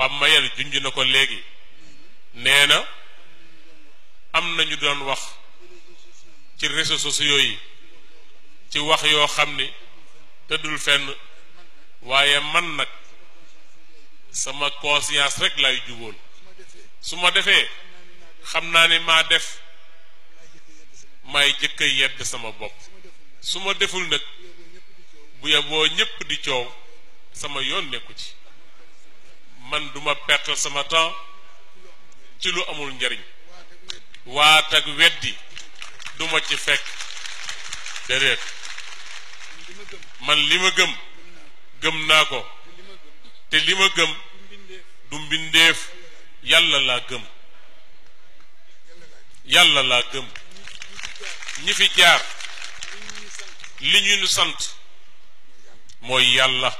Pape Mayel ju na ko léegi nee na am na ñu doon wax ci réseaux sociaux yi ci wax yoo xam ni tëddul fenn waaye man nag sama conscience rek lay juboon su ma defee xam naa ni maa def may jëkk a yedd sama bopp su ma deful nag bu yaboo ñépp di coow sama yoon nekku ci man duma perte sama temps ci lu amul njariñ waat ak weddi duma ci fekk déedéet man li ma gëm gëm naa ko te li ma gëm du mbindeef yàlla laa gëm yàlla laa gëm ñi fi jaar li ñu nu sant mooy yàlla